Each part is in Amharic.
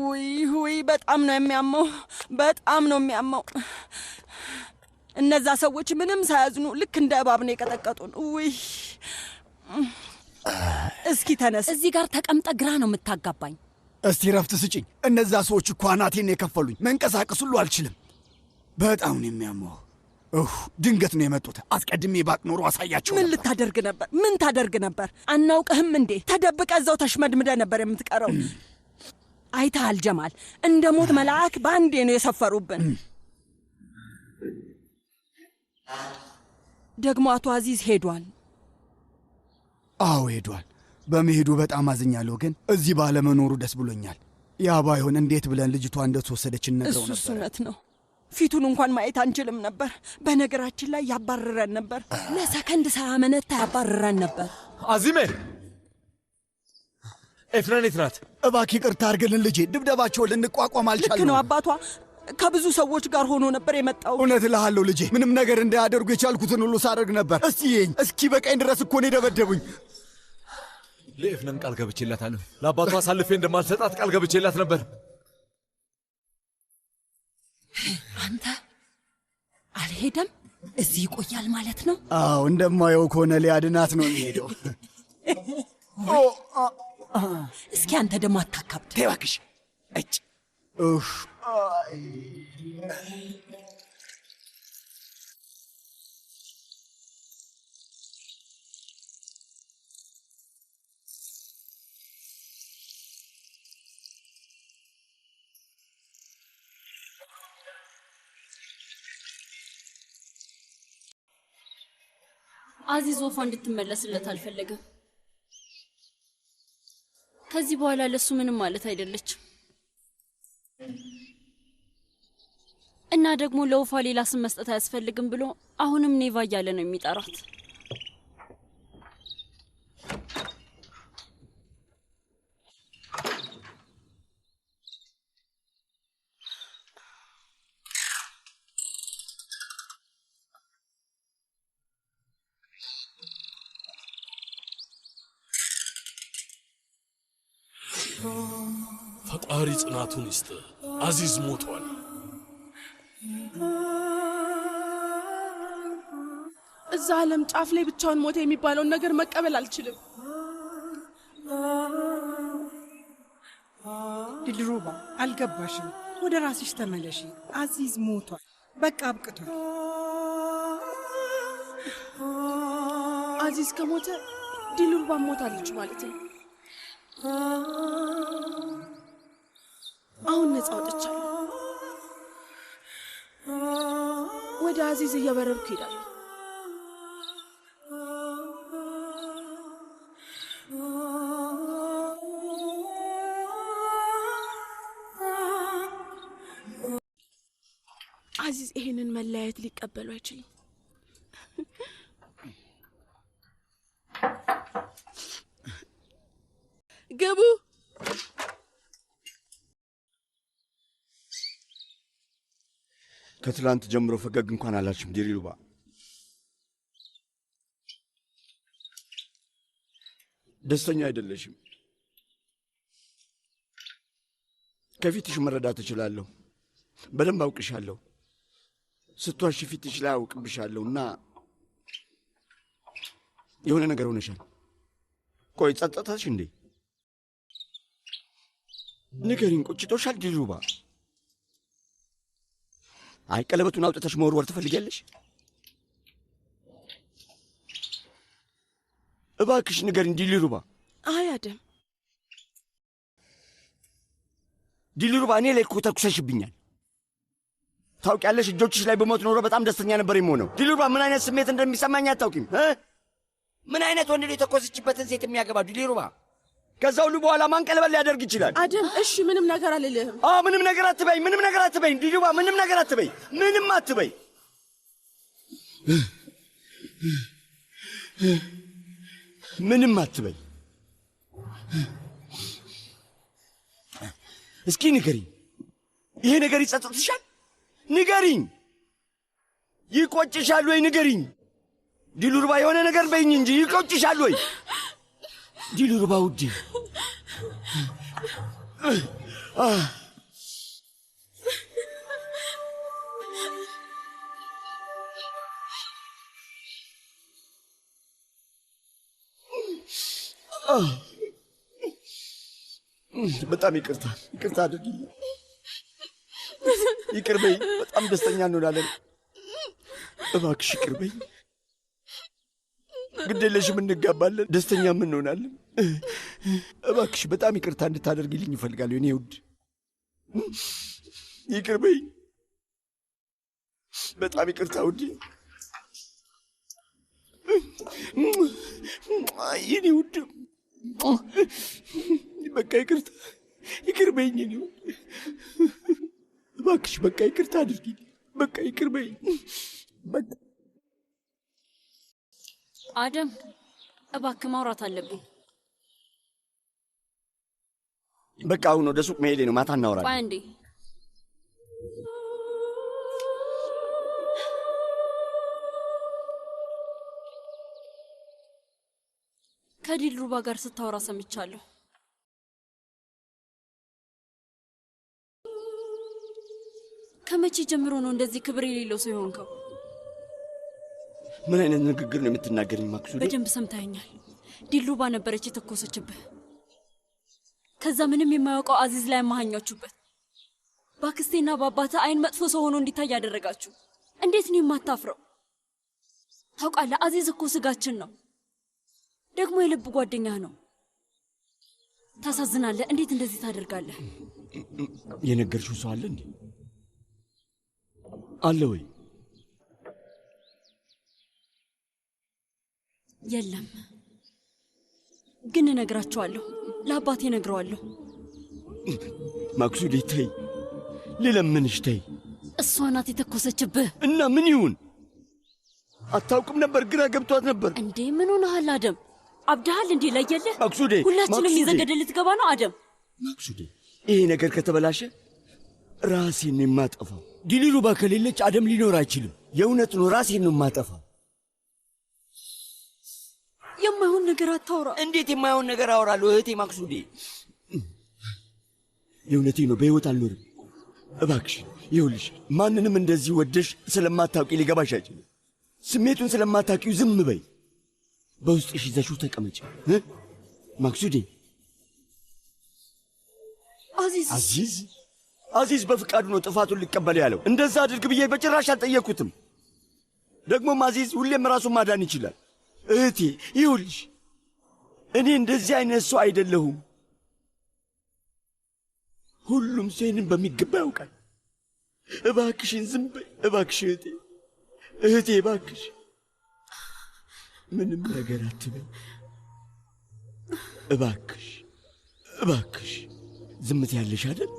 ውይ ውይ፣ በጣም ነው የሚያመው፣ በጣም ነው የሚያመው። እነዛ ሰዎች ምንም ሳያዝኑ ልክ እንደ እባብ ነው የቀጠቀጡን። ውይ እስኪ ተነስ። እዚህ ጋር ተቀምጠ ግራ ነው የምታጋባኝ። እስቲ ረፍት ስጭኝ። እነዛ ሰዎች እኮ አናቴን የከፈሉኝ። መንቀሳቀስ ሁሉ አልችልም። በጣም ነው የሚያመው። ድንገት ነው የመጡት። አስቀድሜ ባቅ ኖሮ አሳያቸው። ምን ልታደርግ ነበር? ምን ታደርግ ነበር? አናውቅህም እንዴ? ተደብቀ እዛው ተሽመድምደ ነበር የምትቀረው። አይተሃል ጀማል፣ እንደ ሞት መልአክ በአንዴ ነው የሰፈሩብን። ደግሞ አቶ አዚዝ ሄዷል። አዎ ሄዷል። በመሄዱ በጣም አዝኛለሁ፣ ግን እዚህ ባለመኖሩ ደስ ብሎኛል። ያ ባይሆን እንዴት ብለን ልጅቷ እንደተወሰደች እነግረው ነበር። እሱ እውነት ነው። ፊቱን እንኳን ማየት አንችልም ነበር። በነገራችን ላይ ያባርረን ነበር። ለሰከንድ ሳያመነታ ያባርረን ነበር። አዚሜ ኤፍሬኔት ናት። እባክህ ይቅርታ አድርግልን ልጄ፣ ድብደባቸውን ልንቋቋም አልቻልንም። ልክ ነው አባቷ ከብዙ ሰዎች ጋር ሆኖ ነበር የመጣው። እውነት እልሃለሁ ልጄ፣ ምንም ነገር እንዳያደርጉ የቻልኩትን ሁሉ ሳደርግ ነበር። እስቲ ይኝ እስኪ በቀኝ ድረስ እኮ ነው የደበደቡኝ። ለኤፍነን ቃል ገብቼላታለሁ። ለአባቷ አሳልፌ እንደማልሰጣት ቃል ገብቼላት ነበር። አንተ አልሄደም፣ እዚህ ይቆያል ማለት ነው? አዎ፣ እንደማየው ከሆነ ሊያድናት ነው የሚሄደው። እስኪ አንተ ደግሞ አታካብድ። ተይ እባክሽ። እጭ አዚዝ ወፏ እንድትመለስለት አልፈለገም። ከዚህ በኋላ ለሱ ምንም ማለት አይደለችም። እና ደግሞ ለውፋ ሌላ ስም መስጠት አያስፈልግም ብሎ አሁንም ኔቫ እያለ ነው የሚጠራት። ፈጣሪ ጽናቱን ይስጥ። አዚዝ ሞቷል። እዛ ዓለም ጫፍ ላይ ብቻውን ሞተ የሚባለውን ነገር መቀበል አልችልም። ድልሩባ አልገባሽም። ወደ ራስሽ ተመለሽ። አዚዝ ሞቷል። በቃ አብቅቷል። አዚዝ ከሞተ ድልሩባ ሞታለች ማለት ነው። አሁን ነፃ ወጥቻለሁ። ወደ አዚዝ እየበረርኩ ሄዳለሁ። አዚዝ ይሄንን መለያየት ሊቀበሉ አይችልም። ገቡ ከትላንት ጀምሮ ፈገግ እንኳን አላችም ዲሪሉባ። ደስተኛ አይደለሽም። ከፊትሽ መረዳት እችላለሁ። በደንብ አውቅሻለሁ። ስትዋሽ ፊትሽ ላይ አውቅብሻለሁ እና የሆነ ነገር ሆነሻል። ቆይ ጸጥታሽ እንዴ? ንገሪን። ቆጭቶሻል ዲሪሉባ? አይ ቀለበቱን አውጥተሽ መወርወር ትፈልጊያለሽ? እባክሽ ንገሪኝ ዲሊሩባ። አይ አደም ዲሊሩባ፣ እኔ ላይ እኮ ተኩሰሽብኛል። ታውቂያለሽ፣ እጆችሽ ላይ በሞት ኖሮ በጣም ደስተኛ ነበር የምሆነው። ዲሊሩባ፣ ምን አይነት ስሜት እንደሚሰማኝ አታውቂም። ምን አይነት ወንድ የተኮሰችበትን ሴት የሚያገባ ዲሊሩባ? ከዛ ሁሉ በኋላ ማንቀለበል ሊያደርግ ይችላል። አደም እሺ፣ ምንም ነገር አልልህም። አዎ ምንም ነገር አትበይ፣ ምንም ነገር አትበይ፣ ዲዱባ ምንም ነገር አትበይ፣ ምንም አትበይ። ምንም አትበይ። እስኪ ንገሪኝ፣ ይሄ ነገር ይጸጥትሻል? ንገሪኝ፣ ይቆጭሻል ወይ? ንገሪኝ ዲሉርባ፣ የሆነ ነገር በይኝ እንጂ ይቆጭሻል ወይ? Dilur Baudi. Ah. በጣም ይቅርታ ይቅርታ አድርግልኝ፣ ይቅርበኝ። በጣም ደስተኛ እንሆናለን። እባክሽ ይቅርበኝ። ግድ የለሽም እንጋባለን፣ ደስተኛም እንሆናለን። እባክሽ በጣም ይቅርታ እንድታደርግልኝ ይፈልጋለሁ። እኔ ውድ ይቅር በይ። በጣም ይቅርታ ውድ የኔ ውድ በቃ ይቅርታ ይቅር በይኝ። እኔ ውድ እባክሽ በቃ ይቅርታ አድርጊ። በቃ ይቅር በይኝ። በቃ አደም እባክ ማውራት አለብኝ። በቃ አሁን ወደ ሱቅ መሄዴ ነው። ማታ እናወራለን። እንዴ ከዲልሩባ ጋር ስታወራ ሰምቻለሁ። ከመቼ ጀምሮ ነው እንደዚህ ክብር የሌለው ሰው የሆንከው? ምን አይነት ንግግር ነው የምትናገርኝ? ማክሱ በደንብ ሰምታኛል። ዲሉባ ነበረች የተኮሰችብህ። ከዛ ምንም የማያውቀው አዚዝ ላይ ማሃኛችሁበት። በአክስቴና በአባተ አይን መጥፎ ሰው ሆኖ እንዲታይ ያደረጋችሁ። እንዴት ነው የማታፍረው? ታውቃለህ፣ አዚዝ እኮ ስጋችን ነው፣ ደግሞ የልብ ጓደኛ ነው። ታሳዝናለህ። እንዴት እንደዚህ ታደርጋለህ? የነገርሽው ሰው አለ እንዴ? አለ ወይ? የለም፣ ግን እነግራቸዋለሁ። ለአባቴ እነግረዋለሁ። ማክሱሊ ተይ፣ ልለምንሽ ተይ። እሷ ናት የተኮሰችብህ እና ምን ይሁን አታውቅም ነበር። ግራ ገብቷት ነበር። እንዴ ምን ሆነሃል አደም? አብድሃል እንዴ? ለየለህ ማክሱዴ። ሁላችንም ይዘገደ ልትገባ ነው አደም። ማክሱዴ፣ ይሄ ነገር ከተበላሸ ራሴን የማጠፋው። ዲሊሉባ ከሌለች አደም ሊኖር አይችልም። የእውነት ነው፣ ራሴን ነው የማጠፋ የማይሆን ነገር አታውራ። እንዴት የማይሆን ነገር አወራለሁ? እህቴ ማክሱዴ፣ የእውነቴ ነው። በህይወት አልኖርም። እባክሽ ይኸውልሽ፣ ማንንም እንደዚህ ወደሽ ስለማታውቂ ሊገባሽ አይችልም። ስሜቱን ስለማታውቂው ዝም በይ። በውስጥሽ ይዘሽው ተቀመጭ ማክሱዴ። አዚዝ አዚዝ አዚዝ በፍቃዱ ነው ጥፋቱን ሊቀበል ያለው። እንደዛ አድርግ ብዬ በጭራሽ አልጠየቅኩትም። ደግሞም አዚዝ ሁሌም ራሱን ማዳን ይችላል። እህቴ ይውልሽ፣ እኔ እንደዚህ አይነት ሰው አይደለሁም። ሁሉም ሰው ይህንን በሚገባ ያውቃል። እባክሽን ዝም በይ እባክሽ፣ እህቴ እህቴ፣ እባክሽ ምንም ነገር አትበይ እባክሽ፣ እባክሽ። ዝምት ያለሽ አይደል?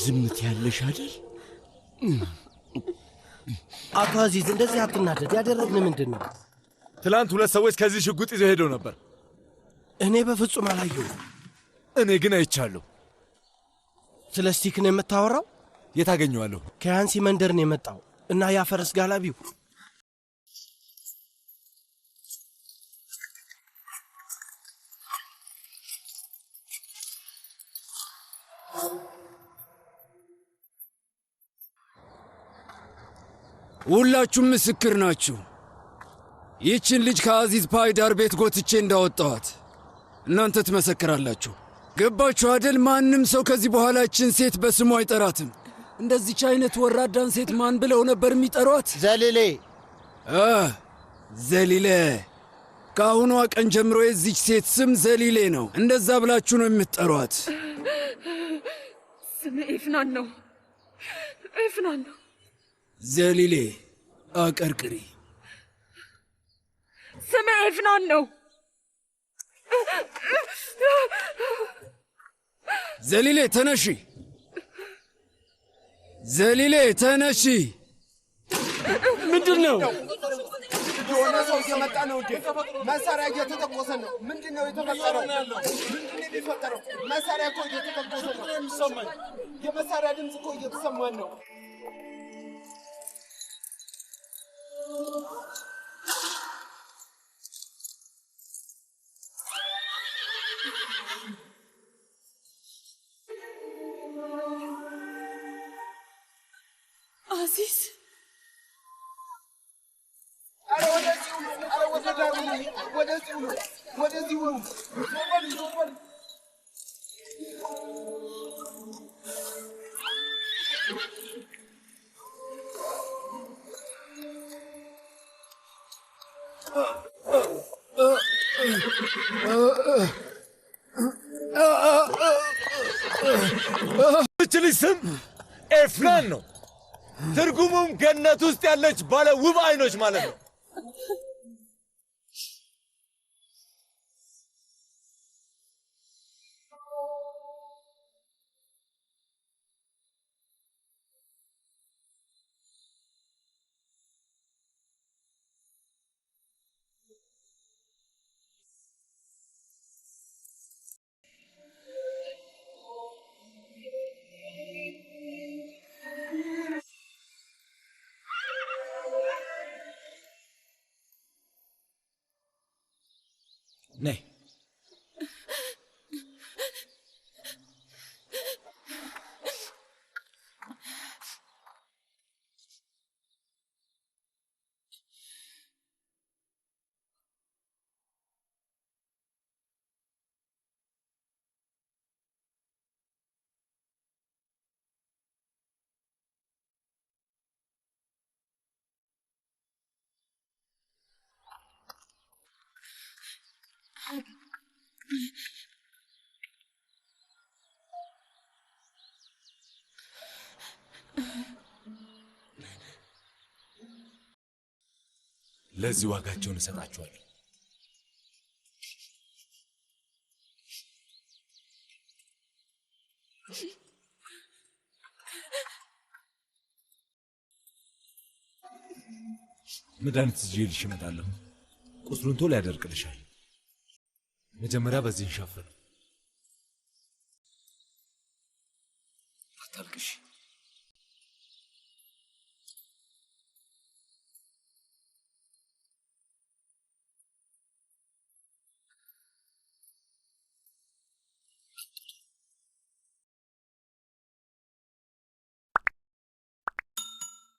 ዝምት ያለሽ አይደል? አቶ አዚዝ እንደዚህ አትናደድ። ያደረግን ምንድን ነው? ትላንት ሁለት ሰዎች ከዚህ ሽጉጥ ይዘው ሄደው ነበር። እኔ በፍጹም አላየው እኔ ግን አይቻለሁ። ስለ ስቲክ ነው የምታወራው? የት አገኘዋለሁ? ከያንሲ መንደር ነው የመጣው እና ያ ፈረስ ጋላቢው ሁላችሁም ምስክር ናችሁ። ይህችን ልጅ ከአዚዝ ፓይዳር ቤት ጎትቼ እንዳወጣዋት እናንተ ትመሰክራላችሁ። ገባችሁ አደል? ማንም ሰው ከዚህ በኋላችን ሴት በስሙ አይጠራትም። እንደዚች አይነት ወራዳን ሴት ማን ብለው ነበር የሚጠሯት? ዘሊሌ ዘሊሌ። ከአሁኗ ቀን ጀምሮ የዚች ሴት ስም ዘሊሌ ነው። እንደዛ ብላችሁ ነው የምትጠሯት። ስም ኤፍናን ነው። ኤፍናን ነው ዘሊሌ አቀርቅሪ። ስም ኤፍናን ነው። ዘሊሌ ተነሺ፣ ዘሊሌ ተነሺ። ምንድን ነው? የሆነ ሰው እየመጣ ነው እንዴ? መሳሪያ እየተተኮሰ ነው። ምንድን ነው የተፈጠረው? ምንድን የሚፈጠረው? መሳሪያ እኮ እየተተኮሰ ነው። የመሳሪያ ድምፅ እኮ እየተሰማን ነው። Aziz. I don't want to do it. I don't want to Nobody, nobody. ነው። ትርጉሙም ገነት ውስጥ ያለች ባለ ውብ አይኖች ማለት ነው። ለዚህ ዋጋቸውን እሰጣችኋለሁ። መድኃኒት ይዤልሽ እመጣለሁ። ቁስሉን ቶሎ ያደርቅልሻል። መጀመሪያ በዚህ እንሸፍን። አታልቅሽ።